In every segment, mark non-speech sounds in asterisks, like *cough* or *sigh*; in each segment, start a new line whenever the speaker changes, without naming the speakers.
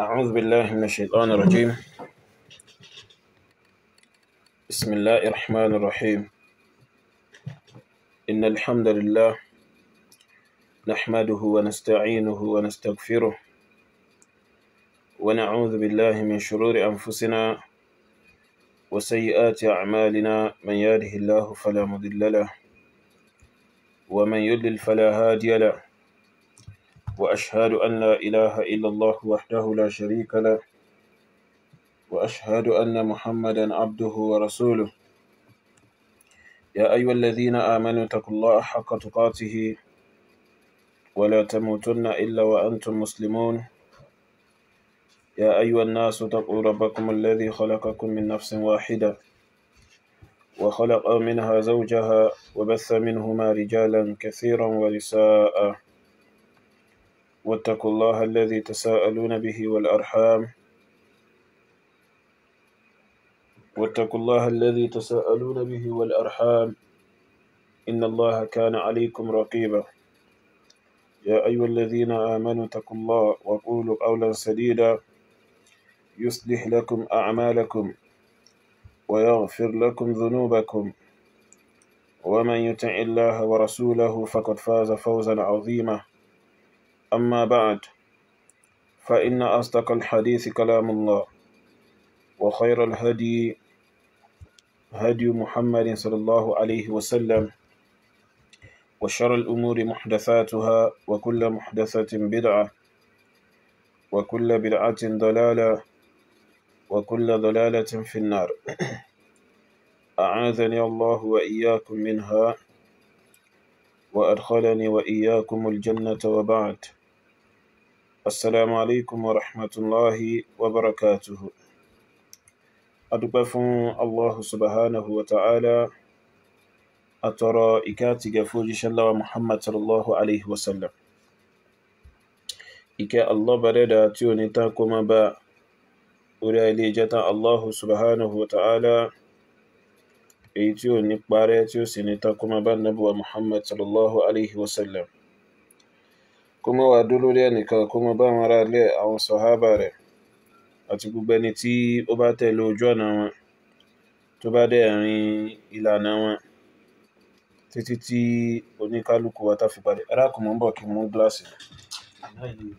أعوذ بالله من الشيطان الرجيم بسم الله الرحمن الرحيم إن الحمد لله نحمده ونستعينه ونستغفره ونعوذ بالله من شرور أنفسنا وسيئات أعمالنا من يهده الله فلا مضل له ومن يضلل فلا هادي له وأشهد أن لا إله إلا الله وحده لا شريك له وأشهد أن محمدا عبده ورسوله يا أيها الذين آمنوا اتقوا الله حق تقاته ولا تموتن إلا وأنتم مسلمون يا أيها الناس اتقوا ربكم الذي خلقكم من نفس واحدة وخلق منها زوجها وبث منهما رجالا كثيرا ونساء واتقوا الله الذي تساءلون به والأرحام واتقوا الله الذي تساءلون به والأرحام إن الله كان عليكم رقيبا يا أيها الذين آمنوا اتقوا الله وقولوا قولا سديدا يصلح لكم أعمالكم ويغفر لكم ذنوبكم ومن يطع الله ورسوله فقد فاز فوزا عظيما أما بعد فإن أصدق الحديث كلام الله وخير الهدي هدي محمد صلى الله عليه وسلم وشر الأمور محدثاتها وكل محدثة بدعة وكل بدعة ضلالة وكل ضلالة في النار *clears throat* أعاذني الله وإياكم منها وأدخلني وإياكم الجنة وبعد السلام عليكم ورحمة الله وبركاته adúpẹ́ fún allahu subhanahu wa ta'ala àtọrọ ìkẹ́ àti gẹ̀ fún òjíṣẹ́ láwa muhammad sallallahu alaihi wasallam ìkẹ́ allah bẹ̀rẹ̀ da tí o ní ta kọmọ bá orí ilé jẹta allahu subhanahu wa ta'ala èyí tí o ní parẹ́ tí o sì ní ta kọmọ bá nabuwa muhammad sallallahu alaihi wasallam kó má wàá dúró lórí ẹnìkan kó má bá àwọn ará ilé àwọn sọ̀hábà rẹ̀ àti gbogbo ẹni tí ó bá tẹ̀lé ojú ọ̀nà wọn tó bá dẹ̀ rin ìlànà wọn títí tí oníkálukú wa tá fi padà arákùnrin bọ̀ kí mú gíláàsì náà yìí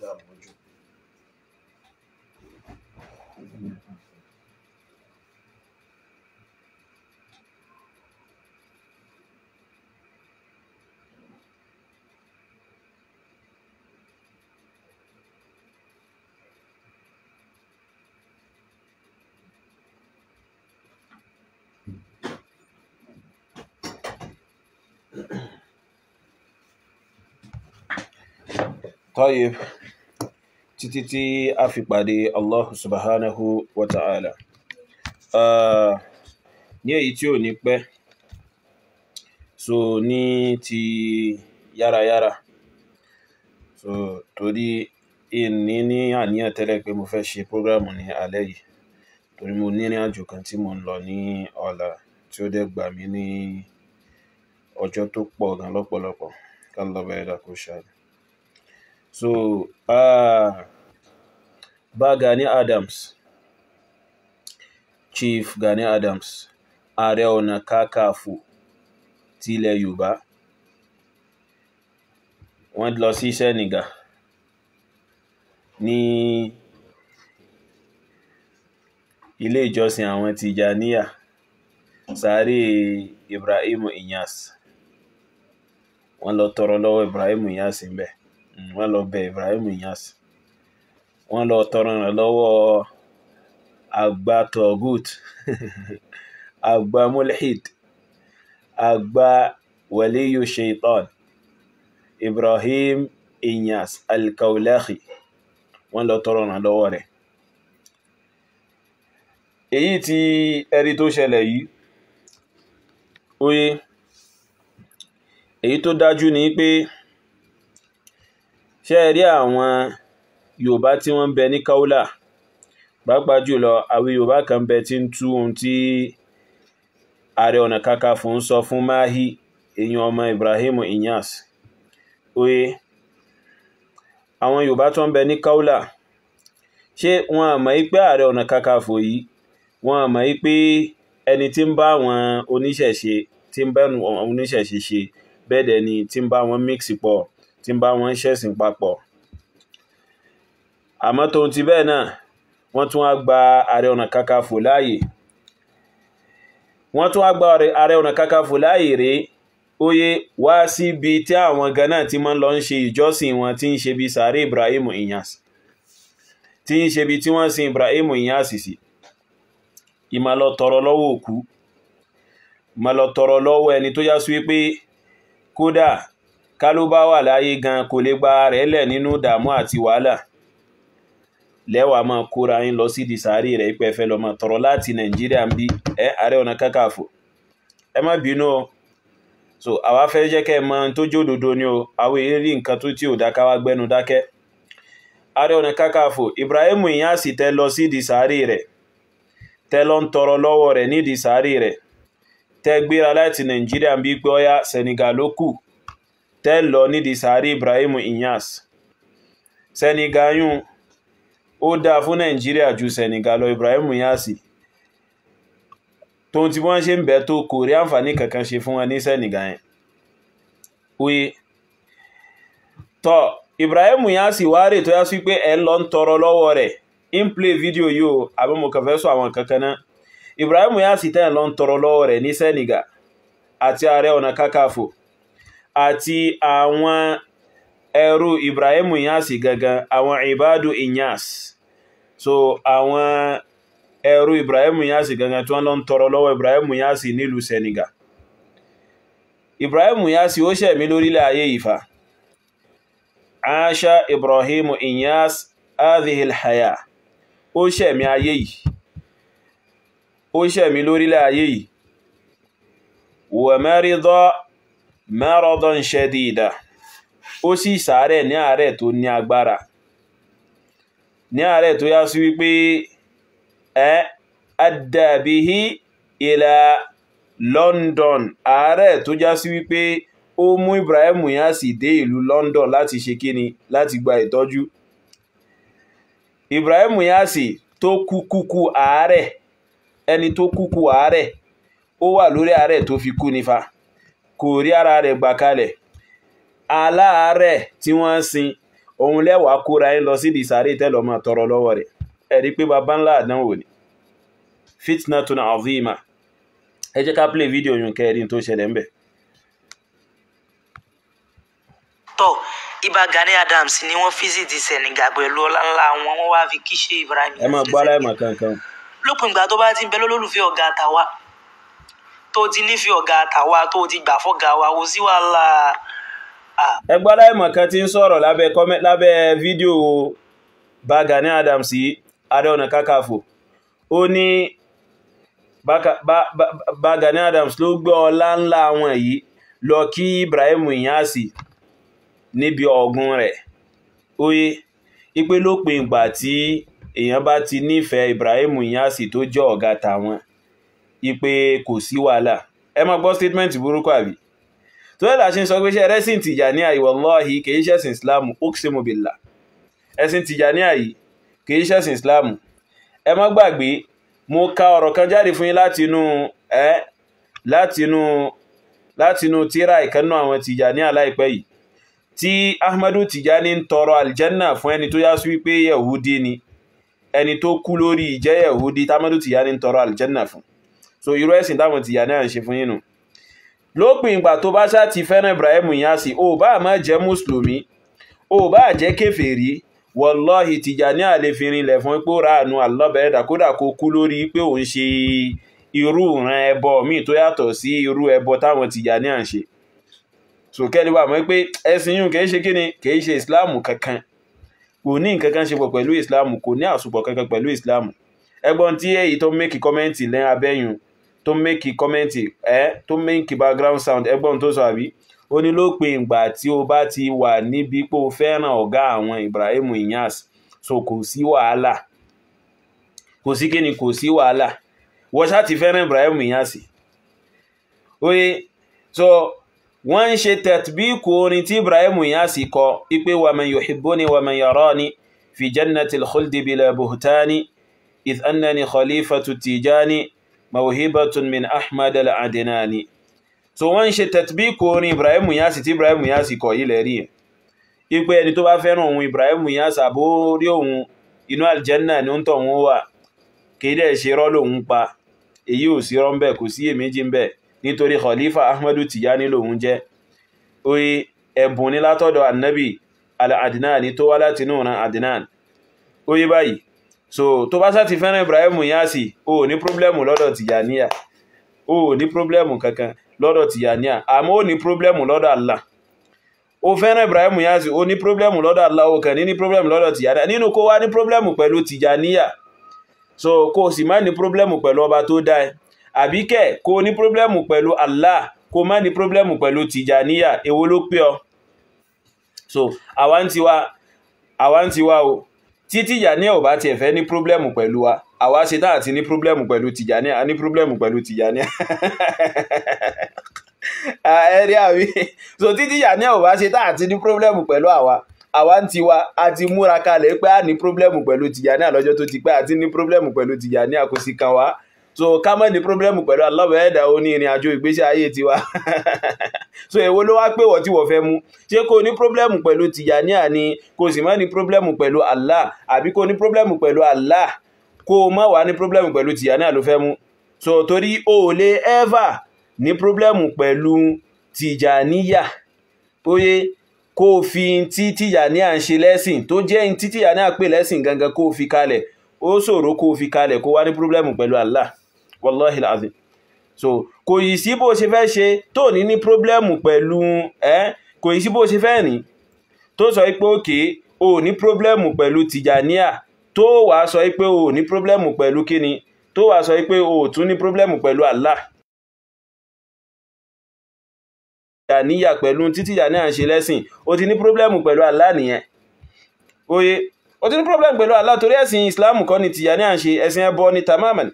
طيب títí tí a fi pàdé Allahu subhanahu wa ta'ala ah, ní èyí tí ò ní pẹ́ so ní ti yárayára so torí ìní ní àníyàn tẹ́lẹ̀ pé mo fẹ́ ṣe prógrámù ní alẹ́ yìí torí mo ní ìrìn àjò kan tí mo ń lọ ní ọ̀la tí ó dẹ̀ gbà ní. Ni ọjọ́ tó pọ̀ gan lọ́pọ̀lọpọ̀ ká lọ́ba ẹ̀dá kó ṣáájú. so uh, bá Gani Adams Chief Gani Adams ààrẹ ọ̀nà kákàfò tilẹ̀ Yorùbá wọ́n lọ sí Senegal ní ilé ìjọsìn àwọn Tijaniya sáré Ibrahim Inyas wọ́n lọ tọrọ lọ́wọ́ Ibrahim Inyas ńbẹ̀ hmm, wọ́n lọ bẹ Ibrahim Inyas wọ́n lọ tọrọ ràn agba togut agba *laughs* mulhid agba waliyu shaitan Ibrahim Inyas alkaulahi. kaulahi wọ́n lọ tọrọ ràn lọ́wọ́ rẹ̀ èyí tí ẹ̀rí tó ṣẹlẹ̀ yìí ó èyí tó dájú ni pé ṣé ẹ rí àwọn yorùbá tí wọ́n ń bẹ ní kaula pàápàá jùlọ àwọn yorùbá kan bẹ tí ń tú ohun tí ààrẹ ọ̀nà kakanfò ń sọ fún Mahi èèyàn ọmọ Ibrahim Inyas oye àwọn yorùbá tó ń bẹ ní kaula ṣé wọn àmọ́ pé ààrẹ ọ̀nà kakanfò yìí wọn àmọ́ pé ẹni tí ń bá àwọn oníṣẹ̀ṣe tí ń bá àwọn oníṣẹ̀ṣe ṣe bẹ́ẹ̀ dẹ̀ ni tí ń bá wọn mix pọ̀ tí ń bá wọn ṣẹ̀sìn papọ̀ àmọ́ tóun ti bẹ́ẹ̀ náà wọ́n tún á gba ààrẹ ọ̀nà kakafò láàyè wọ́n tún á gba ààrẹ ọ̀nà kakafò láàyè rèé óyé wá síbi tí àwọn Ghana ti máa ń lọ ń ṣe ìjọsìn wọn tí ń ṣe bí sàárè Ibrahim Inyas tí ń ṣe bí tí wọ́n sin Ibrahim Inyas sí ìmàlọ tọrọ lọ́wọ́ òkú ìmàlọ lọ́wọ́ ẹni tó yá sí wípé kódà ká ló bá wà láyé gan kò lè gba rẹ̀ lẹ̀ nínú ìdààmú àti wàhálà lẹ́wà máa kóra yín lọ sí ìdìsáárì rẹ̀ ipò ẹ̀fẹ́ lọ́mọ tọ̀rọ̀ láti nàìjíríà bí ẹ ààrẹ ọ̀nà kakanfò ẹ má bínú o so àwa fẹ́ jẹ́ kẹ́ ẹ mọ tó jódodo ni o àwọn èyí rí nǹkan tó tí ò dáká wá gbẹ́nu dákẹ́ ààrẹ ọ̀nà kakanfò Ibrahim Inyas tẹ lọ sí ìdìsáárì rẹ̀ tẹ lọ ń tọrọ lọ́wọ́ rẹ̀ ní ìdìsáárì rẹ̀ tẹ́ gbéra láti nàìjíríà bí pé ọyá senegal ló kù tẹ́ lọ nídìí sàárì ibrahim inyas senegal yún ó dáa fún nàìjíríà ju senegal lọ ibrahim inyas tó ti wọ́n ṣe ń bẹ̀ tó kò rí àǹfààní kankan ṣe fún wọn ní senegal yẹn oye tọ ibrahim inyas wàá rè tó yá sí pé ẹ lọ ń tọrọ lọ́wọ́ rẹ̀ in play video yìí o àbí mo kàn fẹ́ sọ àwọn kankan náà Ibrahim Inyas tẹ́ ẹ̀ lọ ń tọrọ lọ́wọ́ rẹ̀ ní Senegal àti ààrẹ ọ̀nà kákàfò àti àwọn ẹrú Ibrahim Inyas gangan àwọn Ibadu Inyas so àwọn ẹrú Ibrahim Inyas gangan tí wọ́n lọ ń tọrọ lọ́wọ́ Ibrahim Inyas nílùú Senegal Ibrahim Inyas ó ṣẹ̀mí lórílẹ̀ ayé ìfà Asha Ibrahim Inyas adhihil haya ó ṣẹ̀mí ayé yìí ó ṣẹ̀mí lórílẹ̀ ayé yìí wà mẹ́rìndọ́ mẹ́rọ̀dọ́ ń ṣẹ́ dìdà ó sì sàárẹ̀ ní àárẹ̀ tó ní agbára ní àárẹ̀ tó yá sí wípé ẹ adàbíhí ìlà London àárẹ̀ tó já sí wípé ó mú Ibrahim Inyas dé ìlú London láti ṣe kíni láti gba ìtọ́jú Ibrahim Inyas tó kú kúkú àárẹ̀ ẹni tó kúkú àárẹ̀ ó wà lórí àárẹ̀ tó fi kú nífa kò rí ara rẹ̀ gbà kalẹ̀ aláàárẹ̀ tí wọ́n ń sin òun lẹ́wàá kóra ẹ lọ sídìí sàárè tẹ́lọ̀ máa tọrọ lọ́wọ́ rẹ̀ ẹ̀rí pé baba ńlá àdánwò ni fitna tun azima ẹ jẹ́ ká play video yun kẹrin tó ṣẹlẹ̀ ń bẹ̀.
tọ́ ibà Gani Adams ni wọ́n fíìsì ti Senegal pẹ̀lú ọlá ńlá wọn wọ́n wá fi kíṣe Ibrahim.
ẹ máa gbọ́ ara ẹ̀ mọ̀ kankan.
lópin ìgbà tó bá ti ń bẹ lólùfẹ́ ọ̀gá àtàwa tó ti nífẹ̀ẹ́ ọ̀gá àtàwa tó ti gbà fọ́gà wa kò sí wàhálà.
ẹgbẹ́ aláìmọ̀ kan ti ń sọ̀rọ̀ lábẹ́ fídíò bá Gani Adams sí Ààrẹ Ọ̀nà Kakanfò ó ní bá Gani Adams ló gbé ọlá ńlá wọn yìí lọ kí Ibrahim Inyasi níbi ọ̀gùn rẹ̀ ó yé ipe lópin ìgbà tí èèyàn bá ti nífẹ̀ẹ́ Ibrahim Inyasi tó jẹ́ ọ̀gá tàwọn ipe kò sí wàhálà ẹ máa gbọ́ statement burúkú àbí tó yẹ láti sọ pé ṣe ẹrẹ́sìn Tìjàníyà wallahi kì í ṣẹ̀sìn Islam uqsimu billah ẹ̀sìn Tìjàníyà yìí kì í ṣẹ̀sìn Islam ẹ má gbàgbé mo ka ọ̀rọ̀ kan jáde fún yín láti inú ẹ láti inú láti inú tíra ìkànnú àwọn Tìjàníyà láìpẹ́ yìí tí Ahmadu Tìjàní ń tọrọ aljanna fún ẹni tó yá sí wípé Yahudi ni ẹni tó kú lórí ìjẹ́ Yẹ̀húdí támẹ́dù tìyá ní tọrọ àlìjẹ́nà fún so irú ẹ̀sìn táwọn tìyá náà ń ṣe fún yínú lópin ìgbà tó bá ṣáà ti fẹ́ràn Ibrahim Inyasi o bá má jẹ́ mùsùlùmí o bá jẹ́ kèfèrí wọlọ́hì Tìjàní àlefinrin ilẹ̀ fún pé ó ra àánú àlọ́bẹ̀ẹ́ dàkódà kó kú lórí pé òun ṣe irú ìran ẹbọ míì tó yàtọ̀ sí irú ẹbọ táwọn Tìjàní à ń ṣe so kẹ́lí wà mọ́ pé ẹ̀sìn yìí kìí ṣe ṣe Islam kò ní nǹkan kan ṣe pọ̀ pẹ̀lú islam kò ní àsopọ̀ kankan pẹ̀lú islam ẹgbọ́n tí èyí tó mẹ́kì kọ́mẹ́ǹtì lẹ́yìn abẹ́yùn tó mẹ́kì kọ́mẹ́ǹtì ẹ́ tó mẹ́kì background sound ẹgbọ́n tó sọ àbí ó ní ló pe ìgbà tí o bá ti wà níbi pé o fẹ́ràn ọ̀gá àwọn Ibrahim Inyas so kò sí wàhálà kò sí kíni kò sí wàhálà wọ́n ṣáà ti fẹ́ràn Ibrahim Inyas oye so wọ́n ń ṣe tẹ̀tbíkù orin tí Ibrahim Inyas kọ ipe waman yuhibbuni waman yarani fi jannatil khuldi bila buhtani idh annani khalifatu tijani mawhibatun min ahmad al-adinani so wọ́n ń ṣe tẹ̀tbíkù orin Ibrahim Inyas tí Ibrahim Inyas kọ yìí lẹ́rí ẹ̀ ẹni tó bá fẹ́ràn ohun Ibrahim Inyas àbórí ohun inú aljanna ni ó ń tọ̀ wọ́n wà kéde ṣe rọ́ lòun pa èyí ò sí rọ́ ń bẹ̀ kò sí èméjì ń bẹ̀ nítorí khalifa ahmadu tijani lòun jẹ́ oye ẹ̀bùn ní látọ̀dọ̀ annabi al-adinani tó wá láti inú ran adinan oye báyìí so tó bá sá ti fẹ́ràn ibrahim yasi o ní pírọ́blẹ́mù lọ́dọ̀ tijaniya o ní pírọ́blẹ́mù kankan lọ́dọ̀ tijaniya àmọ́ o ní pírọ́blẹ́mù lọ́dọ̀ allah o fẹ́ràn ibrahim yasi o ní pírọ́blẹ́mù lọ́dọ̀ allah o kàn ní ní pírọ́blẹ́mù lọ́dọ̀ tijaniya nínú kó wá ní pírọ́blẹ́mù pẹ̀lú tijaniya so kó o sì má ní pírọ́blẹ́mù pẹ̀lú ọba tó dá àbí kẹ̀ kó ní pírọ́blẹ́mù pẹ̀lú Allah kó má ní pírọ́blẹ́mù pẹ̀lú tìjàníyà èwo ló pé ọ so àwa ń tiwa àwa ń tiwa o tí tìjàníyà ò bá tiẹ̀ fẹ́ ní pírọ́blẹ́mù pẹ̀lú wa àwa ṣe tá àti ní pírọ́blẹ́mù pẹ̀lú tìjàníyà a ní pírọ́blẹ́mù pẹ̀lú tìjàníyà *laughs* ẹ̀rí àwí so tí tìjàníyà ò bá ṣe tá àti ní pírọ́blẹ́mù pẹ̀lú àwa àwa ń tiwa a ti múra kalẹ̀ pé a ní pírọ́blẹ́mù pẹ̀lú tìjàníyà lọ́jọ́ tó ti pẹ́ àti ní pírọ́blẹ́mù pẹ̀lú tìjàníyà kò sì kàn wá so ká má ní pírọ́blẹ́mù pẹ̀lú aláwọ̀ ẹ̀dá ó ní ìrìn àjò ìgbésí ayé tiwa *laughs* so èwo ló wá pé wọ́n tí wọ́n fẹ́ mú ṣé kò ní pírọ́blẹ́mù pẹ̀lú tìjàníà ni kò sì má ní pírọ́blẹ́mù pẹ̀lú Allah àbí kò ní pírọ́blẹ́mù pẹ̀lú Allah kó o má wà ní pírọ́blẹ́mù pẹ̀lú tìjàníà ló fẹ́ mú so torí o ò lè ẹ́fà ní pírọ́blẹ́mù pẹ̀lú tìjàníà óyé kó o fi tí tìjàníà ń ṣe lẹ́sìn tó jẹ́ tí tìjàníà pè lẹ́sìn ó ṣòro kó o fi kalẹ̀ kó wá ní pírọ́blẹ́mù pẹ̀lú Allah wallahi lazim so kò yìí sí bó ṣe fẹ́ ṣe tó ní ní pírọ́blẹ́mù pẹ̀lú ẹ kò yìí sí bó ṣe fẹ́ rìn tó sọ pé òkè o ní pírọ́blẹ́mù pẹ̀lú tìjàníà tó wà sọ pé o ní pírọ́blẹ́mù pẹ̀lú kíni tó wà sọ pé o tún ní pírọ́blẹ́mù pẹ̀lú Allah tìjàníà pẹ̀lú títí tìjàníà ń ṣe lẹ́sìn o ti ní pírọ́blẹ́mù pẹ̀lú Allah nìyẹn o ti ní pírọ́blẹ́mù pẹ̀lú Allah torí ẹ̀sìn Islam kọ́ ni tìjàníà ń ṣe ẹ̀sìn ẹbọ ni tamaman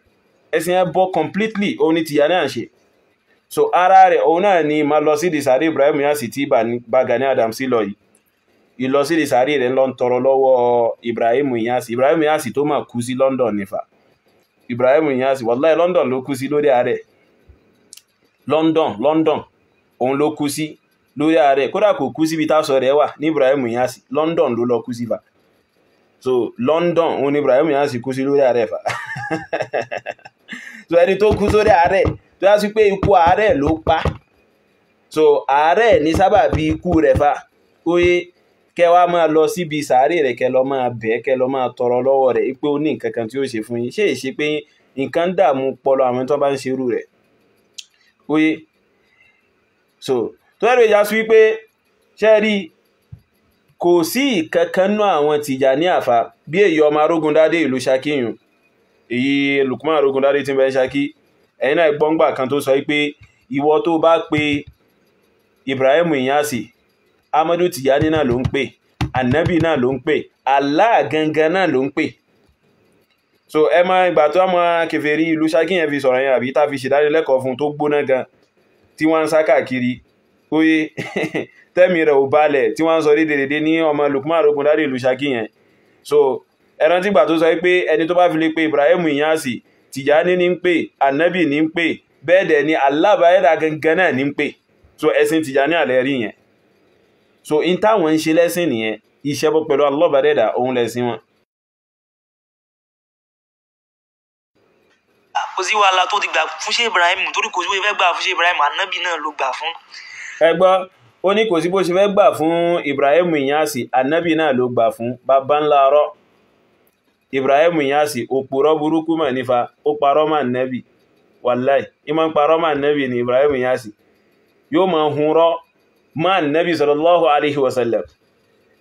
ẹ̀sìn ẹbọ completely òun ni tìyá náà ṣe so ara rẹ̀ òun náà ni máa lọ sí ìdìsáré Ibrahim Niasse tí Gani Adams lọ yìí ìlọsí ìsàárì rẹ̀ ló ń tọrọ lọ́wọ́ Ibrahim Niasse Ibrahim Niasse tó máa kú sí London nífà Ibrahim Niasse wàláì London ló kú sí lórí ààrẹ London London òun ló kú sí lórí ààrẹ kódà kò kú síbi táṣọ rẹ̀ wà ní Ibrahim Niasse London ló lọ kú sí fà so London òun ni Ibrahim Niasse kú sí lórí ààrẹ fà *laughs* tó ẹni tó kú sórí àárẹ̀ tó yá sí pé ikú àárẹ̀ ló pa so àárẹ̀ ní sábàbí ikú rẹ̀ fa oye kẹ wá máa lọ síbi sàárè rẹ̀ kẹ lọ máa bẹ̀ kẹ lọ máa tọrọ lọ́wọ́ rẹ̀ pé ó ní nǹkan kan tí ó ṣe fún yín ṣé èṣe pé nǹkan ń dààmú pọlọ àwọn tó bá ń ṣerú rẹ̀ oye so tó ẹ̀rọ ìjà sí wípé ṣe rí kò sí ìkankanú àwọn Tìjàní àfà bí èyí ọmọ arógundádé ìlú ṣakíyùn èyí Lukman Arogundare tí ń bẹ ń Ṣakí ẹ̀yin náà gbọ́ngbà kan tó sọ pé ìwọ tó bá pe Ibrahim Inyasi Amadu Tijani náà ló ń pè Ànábì náà ló ń pè Allah náà ló ń pè so ẹ máa ìgbà tó àwọn kèfèrí ìlú Ṣakí yẹn fi sọ̀rọ̀ yẹn àbí tá a fi ṣèdánilẹ́kọ̀ọ́ fún tó gbóná gan tí wọ́n ń sá káàkiri oye *laughs* tẹ́mi rẹ̀ ò balẹ̀ tí wọ́n ń sọ dédédé ní ọmọ Lukman Arogundare ìlú Ṣakí yẹn so ẹran tí gbà tó sọ pé ẹni tó bá fi lè pe Ibrahim Inyasi Tijani ní ń pè Anabi ní ń pè bẹ́ẹ̀ dẹ̀ ni alábàáyẹ̀dà gangan náà ní ń pè so ẹ̀sìn Tijani àlẹ́ rí yẹn so in táwọn ń ṣe lẹ́sìn nìyẹn ìṣẹ́bọ pẹ̀lú alábàáyẹ̀dà òun lẹ́sìn wọn.
Ah, kò wàhálà tó ti gbà fún ṣé Ibrahim torí kò sí bó ṣe fẹ́ gbà fún ṣé Ibrahim Anabi náà ló gbà fún.
ẹ gbọ́ ó ní kò sí bó ṣe fẹ́ gbà fún Ibrahim Inyasi Anabi náà ló gbà fún bàbá ńlá rọ́ọ̀ Ibrahim Inyasi òpòrọ́ burúkú mọ̀ nífa ó parọ́ mọ̀ nẹ́bì wàláì ìmọ̀ ń parọ́ mọ̀ nẹ́bì ni Ibrahim Inyasi yóò mọ̀ hunrọ́ mọ̀ nẹ́bì sallallahu alaihi wasallam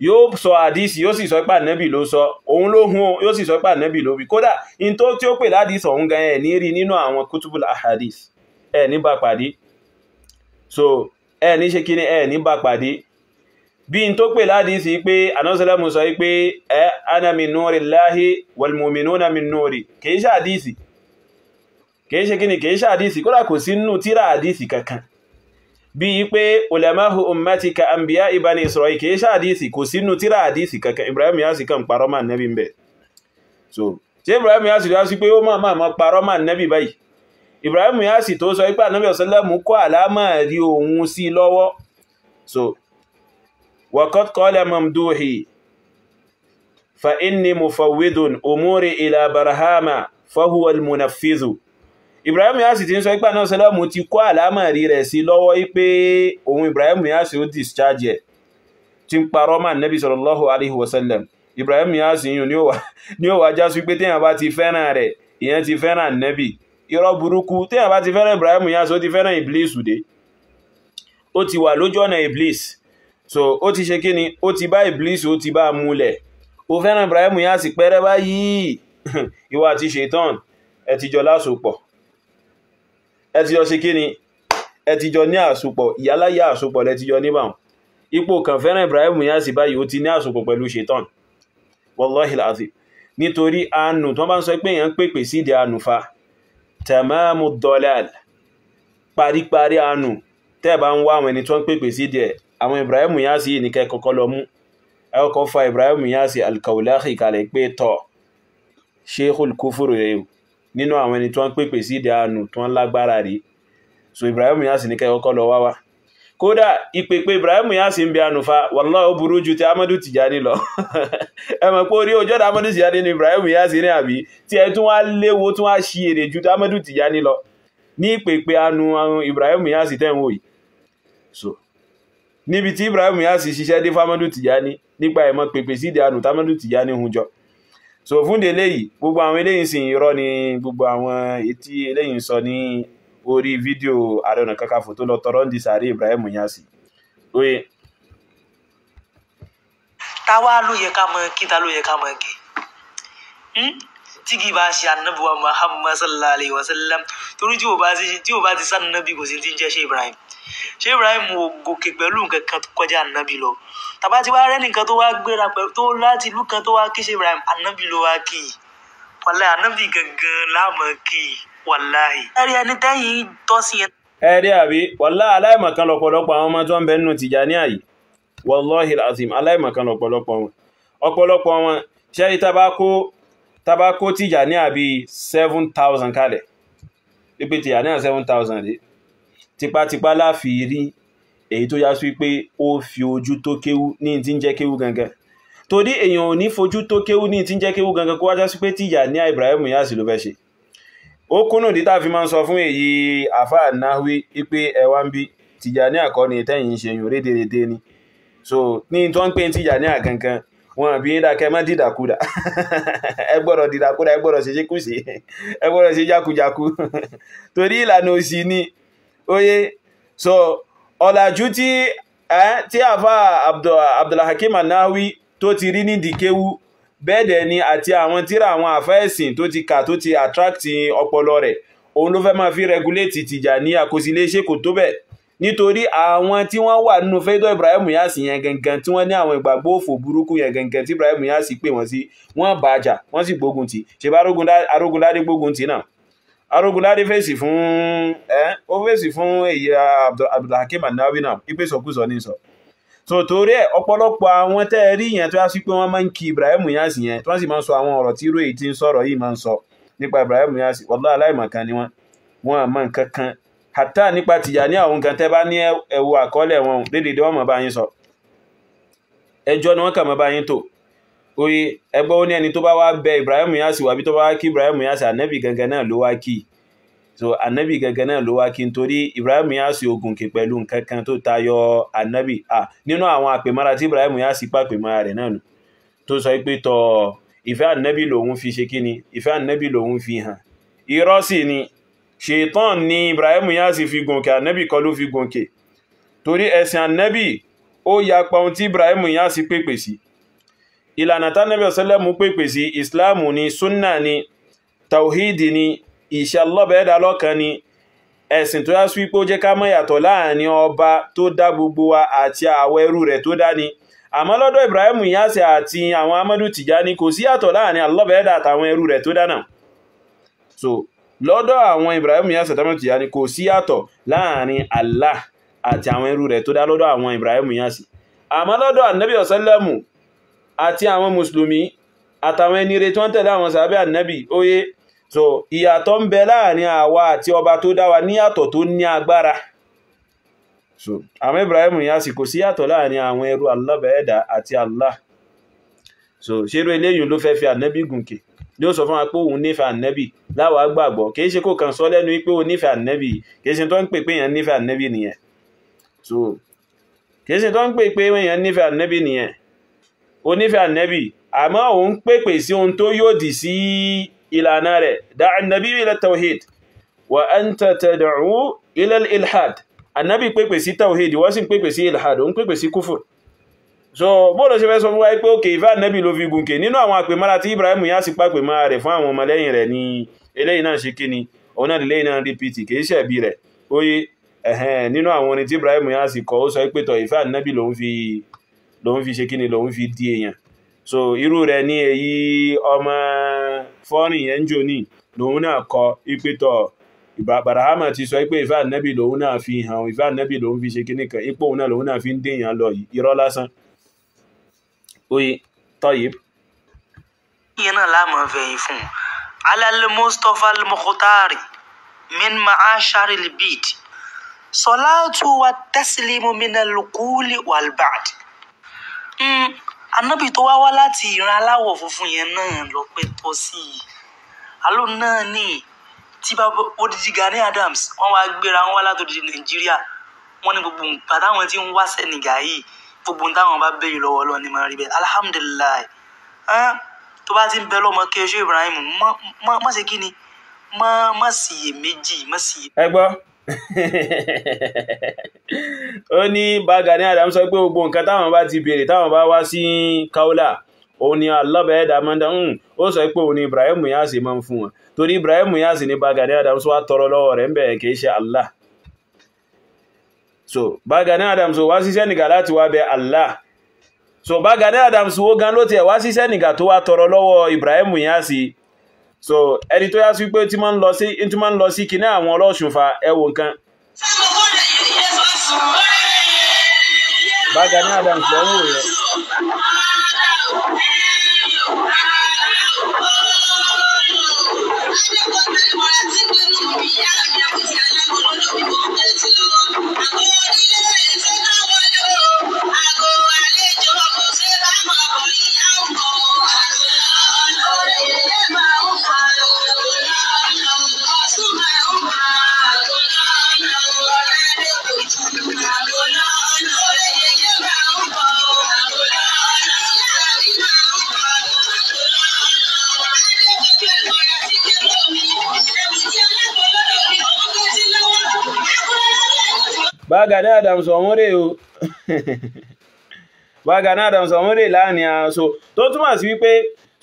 yóò sọ àdísì yóò sì sọ pé ànẹ́bì ló sọ òun ló hun yóò sì sọ pé ànẹ́bì ló wí kódà in tó tí ó pè ládìsì ọ̀hún gan ẹ̀ ní rí nínú àwọn kútùbù ahadis ẹ̀ ní bá pàdé so ẹ̀ ní ṣe kíní ẹ̀ ní bá pàdé bí n tó pè ládìísí pé anọ́sẹ́lẹ́mù sọ pé ẹ ana min nuri Allahi wal mu'minuna min nuri kìí ṣe àdìsí kìí ṣe kíni kìí ṣe àdìsí kódà kò sí nínú tíra àdìsí kankan bí i pé ulamahu ummati ka anbiya ibani Isra'il kìí ṣe àdìsí kò sí nínú tíra àdìsí kankan Ibrahim Inyas kan parọ́ mọ́ nẹ́bí bẹ́ẹ̀ so ṣé Ibrahim Inyas yá sí pé ó máa máa parọ́ mọ́ nẹ́bí báyìí Ibrahim Inyas tó sọ pé ànábì ọ̀sẹ́lẹ́mù kọ́ rí òun sí lọ́wọ́ so وقد قال ممدوحي فإني مفوض أموري إلى برهام فهو المنفذ Ibrahim Inyas ti ń sọ ipá náà sẹ́lọ́mù ti kó àlámọ̀rí rẹ̀ sí lọ́wọ́ pé òun Ibrahim Inyas ó discharge ẹ̀ tí ń parọ́ mọ́ Ànábì sallallahu alaihi wasallam Ibrahim Inyas yìí ni ó wá *laughs* já sí pé téèyàn bá ti fẹ́ràn rẹ̀ ìyẹn ti fẹ́ràn Ànábì irọ́ burúkú téèyàn bá ti fẹ́ràn Ibrahim Inyas ó ti fẹ́ràn Iblis dé ó ti wà lójú ọ̀nà Iblis so ó ti ṣe kíni ó ti bá ìbílísì ó ti bá a múlẹ̀ ó fẹ́ràn Ibrahim yá sí pẹ́rẹ́ báyìí *laughs* ìwà àti ṣetán ẹ ti jọ lásopọ̀ ẹ ti jọ ṣe kíni ẹ ti jọ ní àsopọ̀ ìyáláyà àsopọ̀ lẹ ti jọ níbàwọn ipò kan fẹ́ràn Ibrahim yá sí báyìí ó ti ní àsopọ̀ pẹ̀lú ṣetán wallahil azim nítorí àánú tó bá ń sọ pé èèyàn pèpè sídi ànúfa tamamu dalal paríparí àánú tẹ́ẹ̀ bá ń wá àwọn ẹni tó ń pèpè sídi ẹ̀ àwọn Ibrahim Inyas yìí ní kẹ́kọ́kọ́ lọ mú ẹkọ́ fa Ibrahim Inyas al-Kaulahi kalẹ̀ pé tọ̀ sheikhul kufur rẹ̀ nínú àwọn ẹni tí wọ́n pèpè sí ìdí àánú tí wọ́n lágbára rí so Ibrahim Inyas ní kẹ́kọ́kọ́ lọ wá wá kódà ìpèpè Ibrahim Inyas ń bẹ ànúfa wallahi ó burú ju ti Amadu Tijani lọ *laughs* ẹ mọ̀ pé orí ojú ọ̀dà Amadu Tijani ni Ibrahim Inyas ní àbí tí ẹ tún wá léwo tún wá ṣi èrè ju ti Amadu Tijani lọ ní ìpèpè àánú Ibrahim Inyas tẹ̀ ń yìí so níbi tí Ibrahim Inyas ṣiṣẹ́ dé fámọ́dù Tìjání nípa ẹ̀mọ́ pèpè sí ìdí àánú támọ́dù Tìjání hun jọ so fúnde eléyìí gbogbo àwọn eléyìí sì ń irọ́ ni gbogbo àwọn etí eléyìí ń sọ ní orí fídíò Ààrẹ Ọ̀nà Kakanfò tó lọ tọrọ ń di sàárè Ibrahim Inyas oye.
táwa ló yẹ ká mọ kí ta ló yẹ ká mọ kí hmm? tí kì ṣe ànábì wa sallallahu alayhi wa sallam torí tí o bá ti sànnábì kò sí ti ń ṣe Ibrahim ṣé Ibrahim ò gòkè pẹ̀lú nǹkan kan tó kọjá ànábì lọ tàbá ti wá rẹ́nìkan tó wá gbéra pẹ̀lú tó láti ìlú kan tó wá kí ṣé Ibrahim ànábì ló wá kì í wàláì ànábì gangan láàmú kì í wàláì. ẹ̀rí ẹni tẹ́yìn tọ́ sí ẹ.
ẹ rí àbí wàláì aláìmọ̀kan lọ̀pọ̀lọpọ̀ àwọn ọmọ tó ń bẹ nínú Tìjàníyà yìí wàláì azim aláìmọ̀kan lọ̀pọ̀lọpọ̀ wọn ọ̀pọ̀lọpọ̀ wọn ṣe tabako tabako Tìjàníyà bíi seven thousand kalẹ̀ pípé Tìjàníyà seven thousand rèé tipátipá láfi rí èyí tó yá sí pé ó fi ojú tó kéwú ní ti ń jẹ́ kéwú gangan torí èèyàn ò ní fojú tó kéwú ní ti ń jẹ́ kéwú gangan kó wájá sí pé tíyà ní Ibrahim Inyas ló fẹ́ ṣe ó kúnnù dí tàfi máa ń sọ fún èyí àfa náwí pé ẹwà ń bí tìjà ní àkọni tẹ́yìn ṣe yùn rédèrèdè ni so ní tó ń pè tìjà ní àkankan wọn bí dákẹ́ má dìdàkudà *laughs* ẹ gbọ́dọ̀ dìdàkudà ẹ gbọ́dọ̀ ṣe ṣékùṣe *laughs* ẹ gbọ́dọ̀ ṣe jákujáku *laughs* torí ìlànà òsì ni oye so ọ̀làjú tí tí àfá abdullahakim anáwí tó ti rí nídìí kéwú bẹ́ẹ̀dẹ̀ ni àti àwọn tíra àwọn àfá ẹ̀sìn tó ti kà tó ti attract ọpọlọ rẹ̀ òun ló fẹ́ máa fi regulate Tìjàníyà kò sí léṣe kò tó bẹ́ẹ̀ nítorí àwọn tí wọ́n wà nínú fẹ́dọ̀ Ibrahim Inyas yẹn gangan tí wọ́n ní àwọn ìgbàgbọ́ òfò burúkú yẹn gangan tí Ibrahim Inyas pè wọ́n sí wọ́n bàjà wọ́n sì gbógun tì ṣe bá arógundádé gbógun tì náà arógunládé fèsì fún ẹ ó fèsì fún èyí abdulhakeem anawi náà ipe sọkúsọ ní sọ so torí ẹ ọ̀pọ̀lọpọ̀ àwọn tẹ ẹ rí yẹn tó yá sí pé wọ́n máa ń kí Ibrahim Inyas yẹn tí wọ́n sì máa ń sọ àwọn ọ̀rọ̀ tí irú èyí ti ń sọ̀rọ̀ yìí máa ń sọ nípa Ibrahim Inyas wàlá aláìmọ̀kan ni wọ́n wọ́n àmọ́ nǹkan kan hàtà nípa tìjà ní àwọn nǹkan tẹ bá ní ẹwọ àkọọ́lẹ̀ wọn dédèdè wọ́n mọ̀ bá sọ ẹjọ́ ni wọ́n kà mọ́ bá tó oye ẹgbẹ́ ó ní ẹni tó bá wá bẹ Ibrahim yasi wàbí tó bá wá kí Ibrahim Inyas ànábì gangan náà ló wá kí so ànábì gangan náà ló wá kí nítorí Ibrahim yasi ogun kè pẹ̀lú nǹkan kan tó tayọ anabi à nínú àwọn àpèmára tí Ibrahim Inyas pàpèmára rẹ̀ náà nù tó sọ pé tọ̀ ìfẹ́ ànábì lòun fi ṣe kí ni ìfẹ́ ànábì lòun fi hàn irọ́ sì ni ṣètàn ni Ibrahim Inyas fi gòkè ànábì kọ́ ló fi gòkè torí ẹ̀sìn ànábì ó yapa ohun tí Ibrahim Inyas pèpè sí ìlànà tánàbí ọ̀sẹ́lẹ̀mù pèpè sí ìsìláàmù ni súnnà ni tàwíìdì ni ìṣàlọ́bẹ̀ẹ́dà lọ́kan ni ẹ̀sìn tó yású ipò jẹ́ ká mọ̀ yàtọ̀ láàrin ọba tó dá gbogbo wa àti àwọn ẹrú rẹ̀ tó dá ni àmọ́ lọ́dọ̀ Ibrahim Inyas àti àwọn Amadu Tijani kò sí yàtọ̀ láàrin alọ́bẹ̀ẹ́dà àtàwọn ẹrú rẹ̀ tó dánà so lọ́dọ̀ àwọn Ibrahim Inyas àti Amadu Tijani kò sí yàtọ̀ láàrin Allah àti àwọn ẹrú rẹ̀ tó dá lọ́dọ̀ àwọn Ibrahim Inyas àmọ́ lọ́dọ̀ Ànábì ọ̀sẹ́lẹ̀mù àti àwọn mùsùlùmí àtàwọn ẹni rẹ̀ tí wọ́n tẹ̀lé àwọn sàbẹ́ ànábì óyé so ìyàtọ̀ ń bẹ láàrin àwa àti ọba tó dá níyàtọ̀ tó ní agbára so àmọ́ Ibrahim yasi kò sí yàtọ̀ láàrin àwọn ẹrú Allah bẹ̀ẹ́dà àti Allah so ṣerú eléyìí ló fẹ́ fi ànábì gùnkè yóò sọ fún wa pé òun nífẹ̀ẹ́ ànẹ́bì láwa gbàgbọ́ kìí ṣe kó kàn sọ lẹ́nu pé òun nífẹ̀ẹ́ ànẹ́bì kìí ṣe tó ń pè pé èèyàn nífẹ̀ẹ́ ànẹ́bì nìyẹn so kìí ṣe tó ń pè pé èèyàn nífẹ̀ẹ́ ànẹ́bì nìyẹn onífẹ́ ànẹ́bì àmọ́ òun pèpè sí ohun tó yòdì sí ìlànà rẹ̀ dá ànẹ́bì ila tawhid wa anta tad'u ila ilhad ànẹ́bì pèpè sí tawhid wọ́n sì pèpè sí ilhad òun pèpè sí kúfù so bóòlù ṣe fẹ́ sọ fún wa pé òkè ìfẹ́ ànẹ́bì ló fi gùnkè nínú àwọn àpèmára tí Ibrahim yá sí pàpèmára rẹ̀ fún àwọn ọmọlẹ́yìn rẹ̀ ní eléyìí náà ṣe kíni òun náà lè náà rìpìtì kìí ṣẹ̀bi rẹ̀ ó nínú àwọn orin tí Ibrahim yá sí kọ ó sọ pé tọ̀ ìfẹ́ ànẹ́bì lòun fi lòun fi ṣe kí ni lòun fi di èèyàn so irú rẹ̀ ní èyí ọmọ fọ́rin yẹn ń jò ní lòun náà kọ ipe tọ̀ ìbàbàràhàmà ti sọ pé ìfà nẹ́bì lòun náà fi hàn ìfà nẹ́bì lòun fi ṣe kíní kan ipò òun náà lòun náà fi ń dèèyàn lọ irọ́ lásán oye tọ́yìí.
iye náà láàmú fẹ̀yìn fún un mustapha mokhtari min ma'ashari libid salatu wa taslimu min alukuli walbaadi anábì mm. tó wá wá láti ìran aláwọ̀ funfun yẹn náà lọ́pẹ́ tọ́ sí i àló náà ni tí bàbá odidi Gani Adams wọ́n wá gbéra wọn wá látòdì Nàìjíríà wọ́n ní gbogbo nǹkan táwọn ti ń wá sẹ́nìgà yìí gbogbo táwọn bá béèrè lọ́wọ́ lọ ni máa rí bẹ́ẹ̀ alihamudulilayi tó bá ti ń bẹ lọ́mọ kí ẹ ṣe Ibrahim má ṣe kí ni má má sì yè méjì má sì yè.
ẹ gbọ́ ó ní bá Gani Adams sọ pé gbogbo nǹkan táwọn bá ti béèrè táwọn bá wá sí kaula òun ni alábẹ́ẹ̀dá mọ́ndá ń ó sọ pé òun ni Ibrahim Inyas máa ń fún wọn torí Ibrahim Inyas ní bá Gani Adams wá tọrọ lọ́wọ́ rẹ̀ ń bẹ̀rẹ̀ kì í ṣe Allah so bá Adam Adams wá sí Senegal láti wá bẹ Allah so bá Adam Adams wo gan ló tiẹ̀ wá sí Senegal tó wá tọrọ lọ́wọ́ Ibrahim Inyas so ẹni tó yá sí pé tí máa ń lọ sí tí máa ń lọ sí kinní àwọn ọlọ́ṣun fa ẹwọ nǹkan. bága ní Adams lọ́wọ́ rẹ̀. Bagana Adam ọmọdé o Bagana *laughs* Adams ọmọdé láàrin aṣọ tó túmọ̀ sí wípé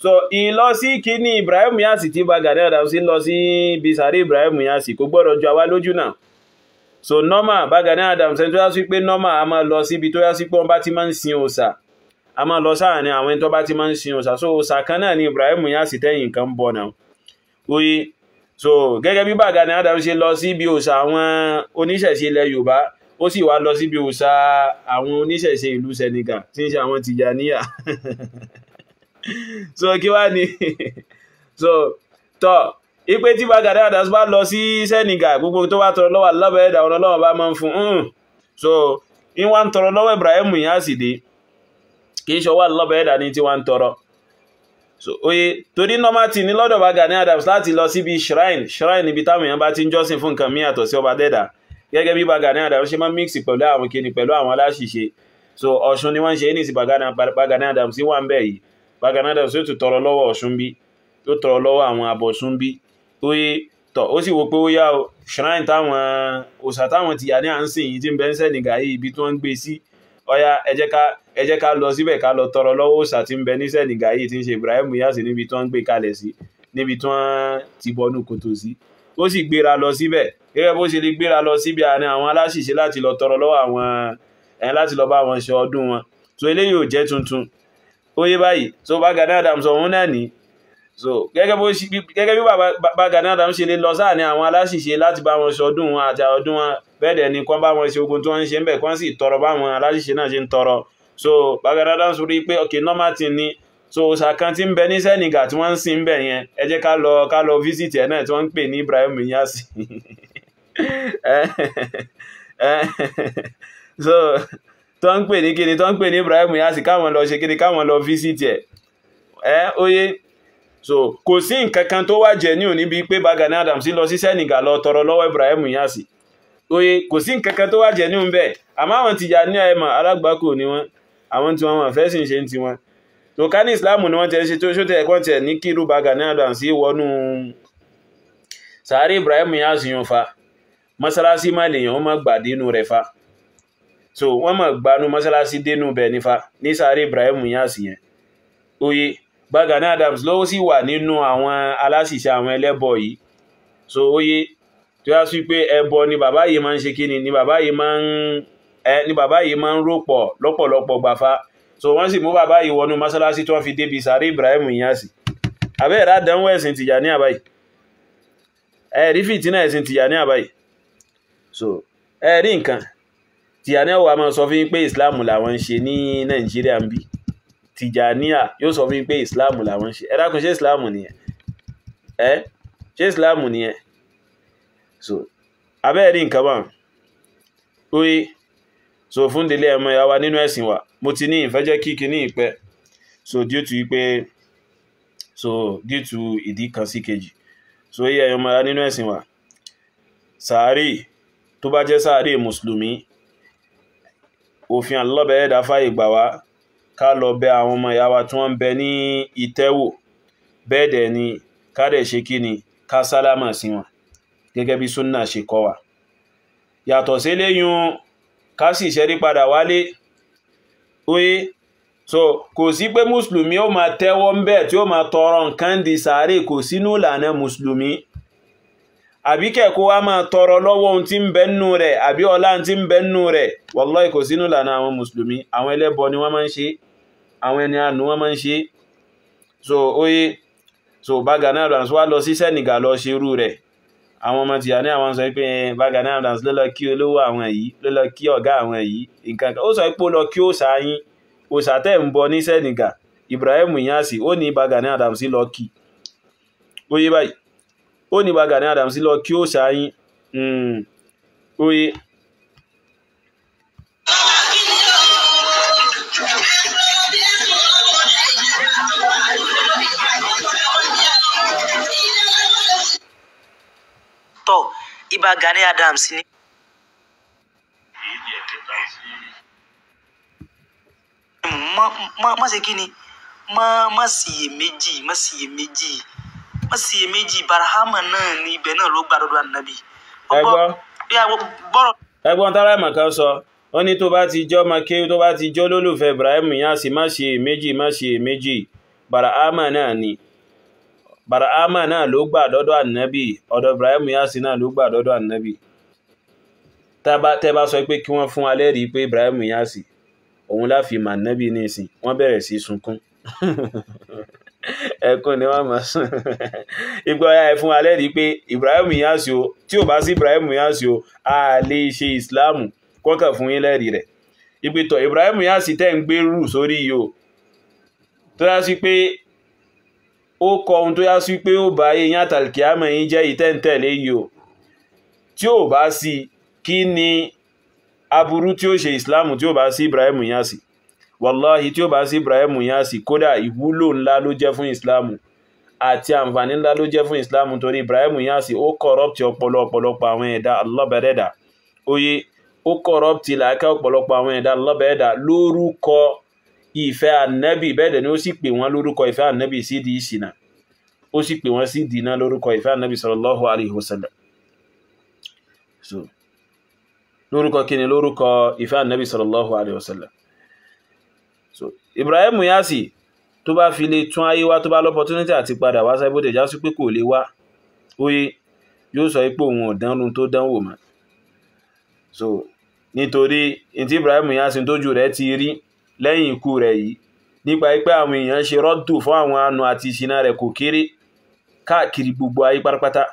so ìlọ sí kíní Ibrahim Nyasi tí Bagana Adams lọ sí ibi Ibrahim Nyasi kò gbọ́dọ̀ ju àwa lójú náà so normal Bagana Adams ẹni tó yá sí pé normal a máa lọ síbi tó yá sí pé wọ́n bá ti máa ń sin òòṣà a máa lọ sáàrin àwọn ẹni bá ti máa ń sin òòṣà so òòṣà kan náà ni Ibrahim Nyasi tẹ́yìn kan bọ̀ náà oye so gẹ́gẹ́ bí Bagana Adam ṣe lọ síbi òòṣà àwọn oníṣẹ̀ṣe ilẹ̀ Yorùbá ó sì wá lọ síbi òòṣà àwọn oníṣẹ̀ṣe ìlú Senegal tí ń ṣe àwọn Tìjàníyà *laughs* so kí wá ní *laughs* so tọ́ ipe tí Bagari Adams bá lọ sí Senegal gbogbo tó bá tọrọ lọ́wọ́ alábẹ́ ẹ̀dá ọ̀nà lọ́wọ́ bá máa ń fún un so ń wá ń tọrọ lọ́wọ́ Ibrahim Inyasi dé kì í ṣọwọ́ alábẹ́ ẹ̀dá ní tí wọ́n tọrọ so oye torí normal tí ní lọ́dọ̀ Bagari Adams láti lọ síbi shrine shrine ibi táwọn èèyàn bá ti ń jọ́sìn fún nǹkan míyàtọ̀ sí ọba dẹ́dà gẹ́gẹ́ bí Gani adamu ṣe máa ń mix pẹ̀lú àwọn kíni pẹ̀lú àwọn aláṣìṣe so Ọ̀ṣun ni wọ́n ṣe ní sí Gani adamu sí wà ń bẹ̀ yìí Gani Adams yóò tún tọrọ lọ́wọ́ Ọ̀ṣun bí yóò tọrọ lọ́wọ́ àwọn abọ̀ṣun bí tó yé tọ̀ ó sì wo pé ó yá o shrine táwọn òòṣà táwọn ti yà ní à ń sìn yìí tí ń bẹ́ ń sẹ́nìgà yìí ibi tí wọ́n ń gbé sí ọ̀yá ẹ jẹ́ ká lọ síbẹ̀ ká lọ tọrọ lọ́wọ́ òòṣà tí ń bẹ ní sẹ́nìgà yìí tí ń ṣe Ibrahim Inyas níbi tí wọ́n ń gbé kalẹ̀ sí níbi tí wọ́n ti bọnú kòtò sí ó sì gbéra lọ síbẹ̀ gẹ́gẹ́ bó ṣe lè gbéra lọ síbi àárín àwọn aláṣìṣe láti lọ tọrọ lọ́wọ́ àwọn ẹ̀yìn láti lọ bá wọn ṣe ọdún wọn so eléyìí ò jẹ́ tuntun ó yé báyìí so bá Gani Adams ọ̀hún náà ní so gẹ́gẹ́ bó ṣe gẹ́gẹ́ bí bá Gani Adams ṣe lè lọ sáàárín àwọn aláṣìṣe láti bá wọn ṣe ọdún wọn àti ọdún wọn bẹ́ẹ̀ dẹ̀ ni kán bá wọn ṣe ogun tí wọ́n ń ṣe ń bẹ̀ kán sì tọrọ báwọn aláṣìṣe náà ṣe ń tọrọ so bá Gani Adams rí pé ok normal thing ni so òòṣà kan tí ń bẹ ní sẹ́nìgà tí wọ́n ń sìn ń bẹ̀ yẹn ẹ jẹ́ ká lọ ká lọ fíṣítì ẹ̀ náà tí wọ́n ń pè ní Ibrahim Inyasi *laughs* eh, *laughs* so tó ń pè ní kíni tó ń pè ní Ibrahim Inyasi káwọn lọ ṣe kíni káwọn lọ fíṣítì ẹ̀ ẹ eh, oyé so kò sí nǹkan kan tó wá jẹ ní òní bíi pé Gani Adams lọ sí sẹ́nìgà lọ tọrọ lọ́wọ́ Ibrahim Inyasi oyé kò sí nǹkan kan tó wá jẹ ní òun bẹ́ẹ̀ àmọ́ àwọn tìjà ní ẹ̀mọ́ alágbàkọ ni wọ́n àwọn tí wọ́n wọ́n fẹ́ sì ń ṣe ń tiwọn tó ká ní ìsìláàmù ni wọ́n tẹ́ ṣe tó ṣótẹ́ ẹ̀kọ́ tẹ̀ ní kírú bá Gani Adams sí wọnú sàárè Ibrahim Inyas yan fa mọ́sálásí má lè yàn wọ́n má gbà dénú rẹ̀ fa so wọ́n má gbanú mọ́sálásí dénú bẹ̀ nífa ní sàárè Ibrahim Inyas yẹn oye bá Gani Adams lọ́wọ́ sì wà nínú àwọn aláṣìṣe àwọn ẹlẹ́bọ yìí so oye tó yá sí pé ẹbọ ni bàbá yìí máa ń ṣe kíni ni bàbá yìí máa ń rò pọ̀ lọ́pọ̀lọpọ̀ gbàfa so wọ́n sì mú bàbá yìí wọnú mọ́sálásí tí wọ́n fi débi sàárè Ibrahim Inyasi abẹ́ ẹ̀rá dánwò ẹ̀sìn Tìjàní àbáyì ẹ̀rí fìtínà ẹ̀sìn Tìjàní àbáyì so ẹ̀rí nǹkan Tìjàní àwọ̀ àmọ́ sọ fún pé Islam làwọn ń ṣe ní Nàìjíríà ń bí Tìjàní à yóò sọ fún pé Islam làwọn ń ṣe ẹ dákun ṣe Islam nìyẹn ẹ ṣe Islam nìyẹn so abẹ́ ẹ̀rí nǹkan báwọn oye so fún délé ẹmọ ìyá wa nínú ẹ̀sìn wa mo ti ní ìfẹ́ kíkì ní ìpẹ́ so due to pé so due to ìdí kan sí kejì so ìyá ẹmọ ìyá nínú ẹ̀sìn wa sàárì tó bá jẹ́ sàárì mùsùlùmí òfin àlọ́bẹ̀ ẹ̀dá fàyè gbà wá ká lọ bẹ àwọn ọmọ ìyá wa tí wọ́n ń bẹ ní ìtẹ́wò bẹ́ẹ̀ dẹ̀ ni ká dẹ̀ ṣe kí ni ká sálámà sí wọn gẹ́gẹ́ bí súnà ṣe kọ́ wa yàtọ̀ sí eléyìí ká sì ṣẹ́rí padà wálé oye so kò sí pé mùsùlùmí ó máa tẹ́wọ́ ń bẹ̀ tí ó máa tọrọ nǹkan di sàárè kò sínú ìlànà mùsùlùmí àbí kẹ́kọ̀ọ́ wa máa tọrọ lọ́wọ́ ohun tí ń bẹ nínú rẹ̀ àbí ọlá tí ń bẹ nínú rẹ̀ wallahi kò sínú ìlànà àwọn mùsùlùmí àwọn ẹlẹ́bọ ni wọ́n máa ń ṣe àwọn ẹni àánú wọ́n máa ń ṣe so oye so bága náà lọ sí Senegal lọ ṣerú rẹ̀ àwọn ọmọ tìyà ní àwọn sọ pé Gani Adams ló lọ kí olówó àwọn yìí ló lọ kí ọ̀gá àwọn yìí nǹkan kan ó sọ pé ó lọ kí òòṣà yín òòṣà tẹ̀ ń bọ ní sẹ́nìgà Ibrahim Inyasi ó ní Gani Adams lọ kí oyè báyìí ó ní Gani Adams lọ kí òòṣà yín oyè. Hmm.
baba Gani Adams ni. má ṣe kí ni má má ṣiyèméjì má ṣiyèméjì má ṣiyèméjì barahama náà ní ibẹ̀ náà ló gbà lọ́dọ̀ ànábì.
ẹ̀gbọ́n tára ẹ̀mọ̀ kan sọ ó ní tó bá ti jọ́ makéwú tó bá ti jọ́ lólùfẹ́ Ibrahim yá sí má ṣiyèméjì má ṣiyèméjì barahama náà ni barahama náà ló gbà dọ́dọ̀ ànábì ọ̀dọ̀ ibrahim yasi náà ló gbà dọ́dọ̀ ànábì tẹ́ bá sọ pé kí wọ́n fún alẹ́ rí pé ibrahim yasi òun láfi mà ànábì ní ìsìn wọ́n bẹ̀rẹ̀ sí sunkún *laughs* ẹkún ni wọ́n mọ̀ sùn *laughs* ipò ọ̀yà ẹ̀ fún alẹ́ rí pé ibrahim yasi o tí ò bá sí ibrahim yasi o a lè ṣe islam kọ́kà fún yín lẹ́rìí rẹ̀ ìpìtọ̀ ibrahim yasi tẹ́ ń gbèrú sórí yìí o tó dá sí pé ó kọ ohun tó yá sí pé ó bá yín àtàlìkíámọ̀ yín jẹ́ ìtẹ́ǹtẹ̀lé yìí o tí ò bá sí kí ni aburú tí ó ṣe islam tí ó bá sí ibrahim yasi wallahi tí ó bá sí ibrahim yasi kódà ìwúlò ńlá ló jẹ́ fún islam àti àǹfààní ńlá ló jẹ́ fún islam torí ibrahim yasi ó corrupt ọpọlọ ọ̀pọ̀lọpọ̀ àwọn ẹ̀dá allọ́bẹ̀ẹ́dà oye ó corrupt làákà ọ̀pọ̀lọpọ̀ àwọn ẹ̀dá allọ́bẹ̀ẹ́dà lórúkọ ìfẹ́ ànábì bẹ́ẹ̀ dẹ̀ ni ó sì pè wọ́n lórúkọ ìfẹ́ ànábì sí di ìṣìnà ó sì pè wọ́n sí di iná lórúkọ ìfẹ́ ànábì sallallahu alaihi wasallam so lórúkọ kíni lórúkọ ìfẹ́ ànábì sallallahu alaihi so Ibrahim Inyas tó bá fi lè tún ayé wá tó bá lọ́pọ̀túnítì àti padà wá sábòdè já sí pé kò lè wá oyè yóò sọ pé òun ọ̀dánrún tó dánwò mọ́ so nítorí ní ti Ibrahim Inyas tójú rẹ̀ ti rí lẹ́yìn ikú rẹ̀ yìí nípa pé àwọn èèyàn ṣe rọ́dù fún àwọn àna àti ìṣìnà rẹ̀ kò kéré káàkiri gbogbo ayé pátápátá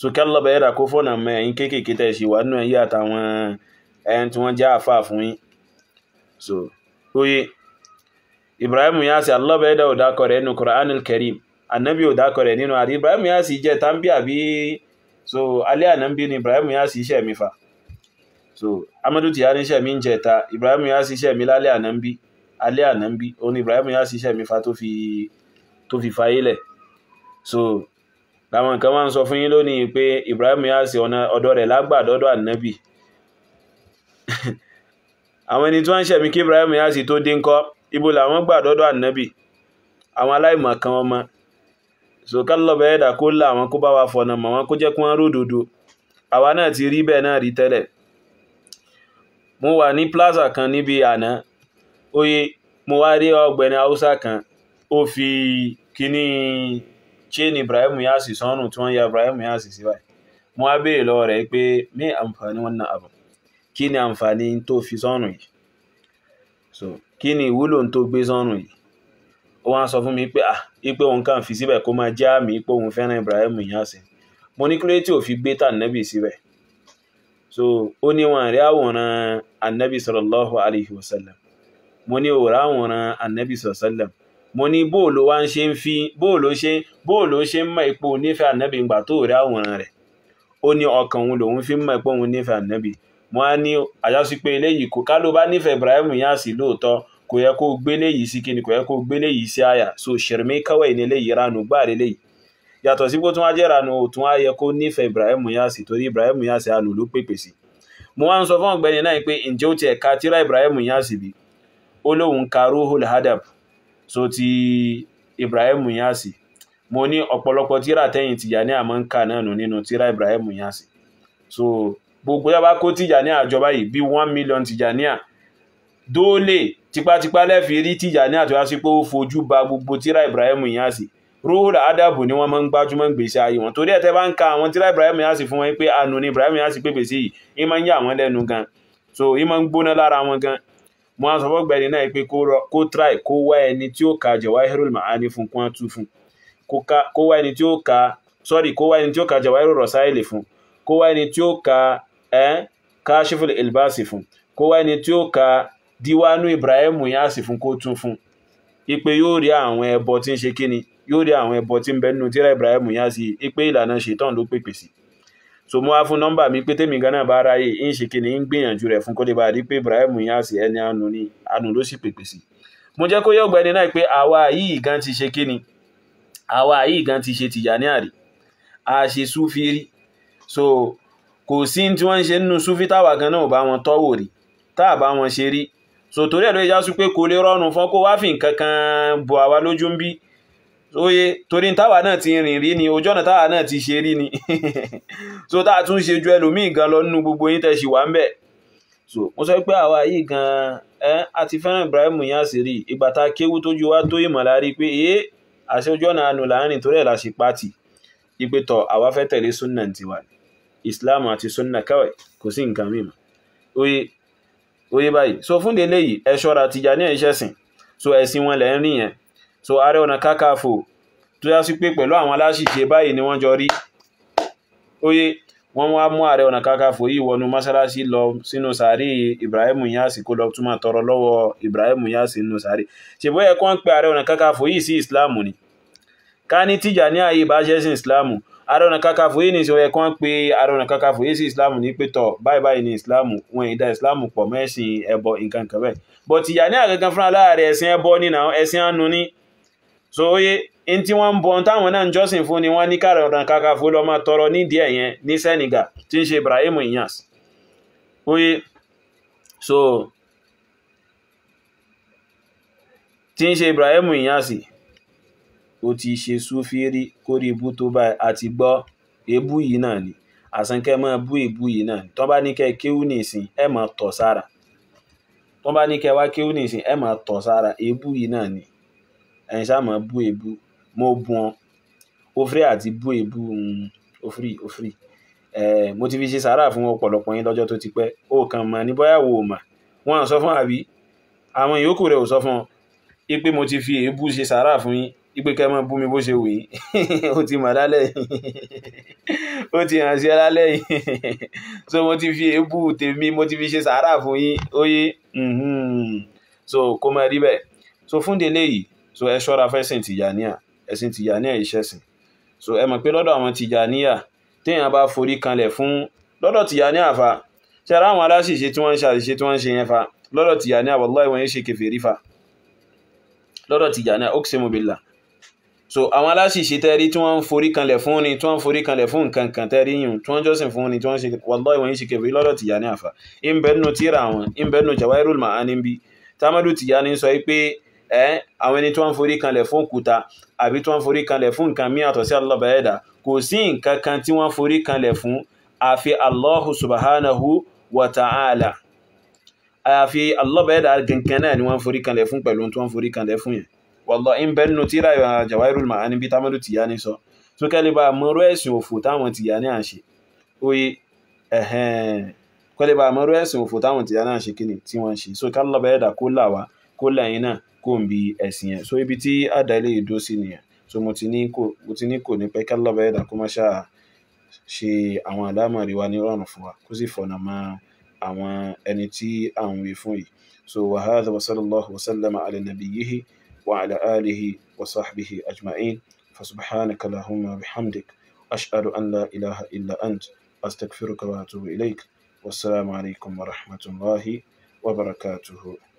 sókè lọ́bẹ̀ ẹ̀dà kó fọ́nà mọ́ ẹ̀yìn kéékèèké tẹ̀ ṣe wà nínú ẹ̀yìn àtàwọn ẹni tí wọ́n já àfà fún yín so oye Ibrahim yasi alọ́bẹ̀ ẹ̀dà ò dákọ̀ rẹ̀ nínú Qur'anul Karim anabi ò dákọ̀ rẹ̀ nínú àdé Ibrahim Inyas jẹ́ tàbí àbí so alẹ́ ànábì ni Ibrahim Inyas iṣẹ́ mi fà so amadu Kyari ń ṣẹ̀mí ń jẹta Ibrahim Inyas ṣẹ̀mí lálẹ́ àná ń bí alẹ́ àná ń bí òun Ibrahim Inyas ṣẹ̀mí fa tó fi tó fi fa ilẹ̀ so làwọn nǹkan máa ń sọ fún yín lónìí pé Ibrahim Inyas ọ̀nà ọ̀dọ́ rẹ̀ lágbàdọ́dọ̀ ànábì àwọn ẹni tí wọ́n ń ṣẹ̀mí kí Ibrahim Inyas tó dé ńkọ́ ibo làwọn gbàdọ́dọ̀ ànábì àwọn aláìmọ̀ kan ọmọ sòkà lọ́bẹ̀ ẹ̀dà kó là àwọn kó bá wa fọ̀nà mọ̀ wọn kó jẹ́ kí wọ́n ródòdó àwa náà ti rí bẹ́ẹ̀ náà rí tẹ́lẹ̀ mo wà ní plaza kan níbi àná oye mo wá rí ọ̀gbẹ́ni haúsá kan ó fi kíní chain ibrahim yasi sọ́rùn tí wọ́n ya ibrahim yasi sí báyìí mo wá béèrè lọ́wọ́ rẹ̀ pé ní àǹfààní wannan abu kí ni àǹfààní tó fi sọ́rùn yìí so kí ni ìwúlò tó gbé sọ́rùn yìí ó wá sọ fún mi pé ah ipe òun kàn fi síbẹ̀ kó máa jẹ́ àmì pé òun fẹ́ràn ibrahim yasi mo ní kílódé tí ò fi gbé tànẹ́bì síbẹ̀ so ó ní wọn rí àwòrán anabi sallallahu alayhi wa sallam mo ní òòrá àwòrán anabi sallallahu sallam mo ní bóòlù wá ń ṣe ń fi bóòlù ṣe bóòlù ṣe ń mọ ipò nífẹ̀ẹ́ ànábì ńgbà tó rí àwòrán rẹ̀ ó ní ọkàn òun lòun fi ń mọ ipò òun nífẹ̀ẹ́ ànábì wọn á ní àjọsí pé eléyìí kò ká ló bá nífẹ̀ẹ́ Ibrahim yá sí lóòótọ́ kò yẹ kó gbé léyìí sí kíni kò yẹ kó gbé léyìí sí àyà so ṣèrèmí káwé ní eléyìí ránu gbáà lélẹ́yìí yàtọ̀ sí pé tó wáá jẹ́ra nu òtún á yẹ kó nífẹ̀ẹ́ Ibrahim Inyas torí Ibrahim Inyas àánú ló pèpè sí mo wá ń sọ fún ọ̀gbẹ́ni náà pé ǹjẹ́ ó tiẹ̀ ka tíra Ibrahim Inyas bí ó lóun ka Ruhul Hadab so ti Ibrahim Inyas mo ní ọ̀pọ̀lọpọ̀ tíra tẹ́yìn tìyà ní àmọ́ ń kà náà nù nínú tíra Ibrahim Inyas so gbogbo yàrá kó tìjà ní àjọba yìí bí one million tìjà ní à dóòlè tipátipá lẹ́fì rí tìjà ní àtúnyàsí pé ó fojú ba gbogbo tíra Ibrahim Inyas rúhùl adàbù ni wọ́n máa ń gbájúmọ́ gbèsè ayé wọn torí ẹ̀tẹ́ bá ń ka àwọn tíra Ibrahim Inyasi fún wọn pé àánú ni Ibrahim Inyasi pé gbèsè yìí í máa ń yà wọ́n lẹ́nu gan so í máa ń gbóná lára wọn gan mo á sọ fọ́ gbẹ̀rẹ̀ náà pé kó try kó wá ẹni tí ó ka Jawahirul Ma'ani fún kó tú fún kó wá ẹni tí ó ka sorry kó wá ẹni tí ó ka Jawahirur Rasaili fún kó wá ẹni tí ó ka Kashiful Ilbasi fún kó wá ẹni tí ó ka Diwanu Ibrahim Inyasi fún kó tún fún ipe yóò rí àwọn ẹbọ tí ń ṣe kíni yóò rí àwọn ẹbọ tí ń bẹ nínú tírà Ibrahim Inyas pé ìlànà ṣètọ́n ló pèpè sí so wá fún nọ́mbà mi pé tèmi gánà bá ráyè ń ṣe kí ni ń gbìyànjú rẹ̀ fún kólébà rí pé Ibrahim Inyas ẹni àánú ni àánú ló sì pèpè sí mo jẹ́ kó yẹ ọ̀gbẹ́ni náà pé àwa yìí gan ti ṣe kí ni àwa yìí gan ti ṣe Tìjàní àrí a ṣe Súfì so kò sí tí wọ́n ń ṣe nínú Súfì táwa gan náà ò bá wọn tọ́wò rí tá a bá wọn ṣe rí so torí ẹ̀ ló yẹ jásù pé kò lè rọrùn fún kó wáfì nǹkan kan bò àwa lójú ń bí sóye torí táwa náà ti rìn rí ni ojú ọ̀nà táwa náà ti ṣe rí ni *laughs* so tá a tún ṣe ju ẹlòmíì gan lọ nínú gbogbo yín tẹ̀sí wà ń bẹ̀ so mo sọ pé àwa yìí gan ẹ a ti fẹ́ràn Ibrahim Yasiri ìgbà tá a kéwú tójú wa tó ìmọ̀lá rí pé èé àṣẹ ojú ọ̀nà àánú là ń rìn torí ẹ̀ la ṣe pátì ipe tọ̀ àwa fẹ́ tẹ̀lé sunna tiwa Islam àti sunna kawai kò sí nǹkan mìíràn oye oye báyìí so fún délé yìí ẹ ṣọ́ra tìjà ní ẹ̀ṣẹ̀sìn so ẹ̀sìn wọn lẹ́ so ààrẹ ọ̀nà kákàfò tó yá sí pé pẹ̀lú àwọn aláṣìṣe báyìí ni wọ́n jọ rí óyé wọ́n wá mú ààrẹ ọ̀nà kákàfò yìí wọnú mọ́sálásí lọ sínú sàárì Ibrahim Inyas kó lọ túmọ̀ tọrọ lọ́wọ́ Ibrahim Inyas nínú sàárì ṣèbó yẹ kó ń pe ààrẹ ọ̀nà kákàfò yìí sí Islam ni ká ní tíjà ní ààyè ìbáṣẹ́sìn Islam ààrẹ ọ̀nà kákàfò yìí ní sọ yẹ kó ń pe ààrẹ ọ̀nà kákàfò yìí sí Islam ní pé tọ̀ báyìí báyìí ní Islam wọn ìdá Islam pọ̀ mẹ́sìn ẹbọ nǹkan kan bẹ́ẹ̀ bọ̀tìyà ní àgẹ́gẹ́ fúnra láàrẹ ẹ̀sìn ẹbọ nínú ẹ̀sìn àánú ní so oye n tí wọ́n ń bọ táwọn náà ń jọ́sìn fún ni wọ́n ní káàrọ̀ ọ̀dàn kàkà fún lọ́ máa tọrọ nídìí ẹ̀yẹn ní Senegal tí ń ṣe Ibrahim Inyas oye so tí ń ṣe Ibrahim Inyas ó ti ṣe súfírí kórìbú tó báyìí àti gbọ́ ebú yìí náà ni àsánkẹ́ máa bú èbú yìí náà tó bá ní kẹ́ kéwú nìsín ẹ̀ máa tọ̀ sára tó bá ní kẹ́ wá kéwú nìsín ẹ̀ máa tọ̀ sára ebú yìí náà ni ẹ̀yin sá mọ̀ bú èébú mo bú wọn ofri àti bú èébú mm, ofri ofri eh, mo ti fi ṣe sàárà fún ọ̀pọ̀lọpọ̀ yín lọ́jọ́ tó ti pẹ́ ó kàn mọ̀ ní bóyá wo mà wọ́n sọ fún àbí àwọn ìyókù rẹ̀ ò sọ fún ọ ipe mo ti fi èébú ṣe sàárà fún yín ipe kẹ́ mọ́ bú mi bó ṣe wù yín ó *laughs* ti mọ̀ lálẹ́ ó *laughs* ti hàn sí ẹ lálẹ́ yìí *laughs* so mo ti fi èébú tèmi mo ti fi ṣe sàárà fún yín ó yé so kó má rí bẹ́ẹ̀ so fún délé yìí so ẹ ṣọ́ra fẹ́sìn tìjàníà ẹ̀sìn tìjàníà ìṣẹ̀sìn so ẹ mọ̀ pé lọ́dọ̀ àwọn tìjàníà téèyàn bá forí kanlẹ̀ fún lọ́dọ̀ tìjàníà fa ṣe ara àwọn aláṣìṣe tí wọ́n ń ṣàṣìṣe tí wọ́n ń ṣe yẹn fa lọ́dọ̀ tìjàníà wallahi wọ́n yẹn ṣe kèfèrí fa lọ́dọ̀ tìjàníà uqsimu billah so àwọn aláṣìṣe tẹ́rí tí wọ́n ń forí kanlẹ̀ fún ni tí wọ́n ń forí kanlẹ̀ fún nǹkan kan tẹ́rí yìí tí wọ́n jọ́sìn fún ni tí wọ́n ṣe wallahi wọ́n yẹn ṣe kèfèrí lọ́dọ̀ tìjàníà fa ìbẹ́nu tíra àwọn ìbẹ́nu Jawahirul Ma'ani bí tamadu tìjàní Eh, àwọn ẹni tí wọ́n ń forí kanlẹ̀ fún òkúta àbí tí wọ́n ń forí kanlẹ̀ fún nǹkan mí àtọ̀ sí Allah bẹ̀ẹ́dà kò sí nǹkan kan tí wọ́n forí kanlẹ̀ fún àfi Allahu subhanahu wa ta'ala àfi Allah bẹ̀ẹ́dà gẹ̀ǹkan náà ni wọ́n forí kanlẹ̀ fún pẹ̀lú tí wọ́n forí kanlẹ̀ fún yẹn wọ́lọ́ ń bẹ́ẹ̀ nù tíra Jawairul Ma'ani bí Tamadu Tijani sọ tó kẹ́lẹ́ bá mọ́rọ́ ẹ̀sìn òfò táwọn Tijani à ń ṣe oye ẹ̀hẹ́n kọ́lé bá mọ́rọ́ ẹ̀sìn òfò táwọn Tijani à ń ṣe kí ni tí wọ́n ń ṣe so kálọ́ bẹ́ẹ̀ dà kó là wá kó láyé náà kó ń bi ẹ̀sìn yẹn so ibi tí àdálé ìdó sí nìyẹn so mo ti ní kò mo ti ní kò ní pẹ́ kálọ́bà kó má ṣáà ṣe àwọn àlámọ̀rí wa ní rọrùn fún wa kó sì fọ̀nà mọ́ àwọn ẹni tí à ń wí fún yìí so wa hadha wa sallallahu wa sallama ala nabiyyihi wa ala alihi wa sahbihi ajma'in fa subhanaka bihamdik ashhadu an la ilaha illa ant astaghfiruka wa atubu ilayk والسلام عليكم ورحمة الله وبركاته